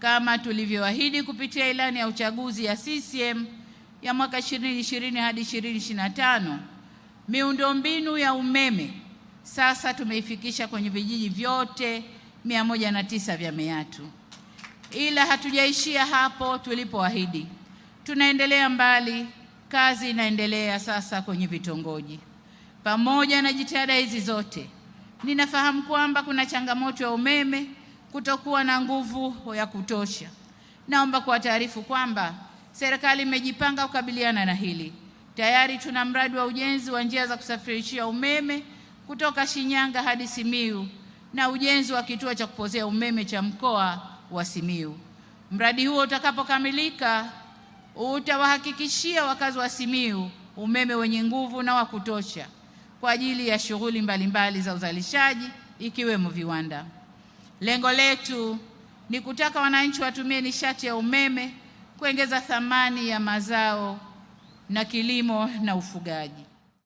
kama tulivyoahidi kupitia ilani ya uchaguzi ya CCM ya mwaka 2020 hadi 2025. Miundombinu ya umeme sasa tumeifikisha kwenye vijiji vyote 109 vya Meatu. Ila hatujaishia hapo tulipoahidi, tunaendelea mbali. Kazi inaendelea sasa kwenye vitongoji. Pamoja na jitihada hizi zote, ninafahamu kwamba kuna changamoto ya umeme kutokuwa na nguvu ya kutosha. Naomba kuwataarifu kwamba serikali imejipanga kukabiliana na hili. Tayari tuna mradi wa ujenzi wa njia za kusafirishia umeme kutoka Shinyanga hadi simiu na ujenzi wa kituo cha kupozea umeme cha mkoa wa simiu Mradi huo utakapokamilika utawahakikishia wakazi wa simiu umeme wenye nguvu na wa kutosha kwa ajili ya shughuli mbalimbali za uzalishaji ikiwemo viwanda. Lengo letu ni kutaka wananchi watumie nishati ya umeme kuongeza thamani ya mazao na kilimo na ufugaji.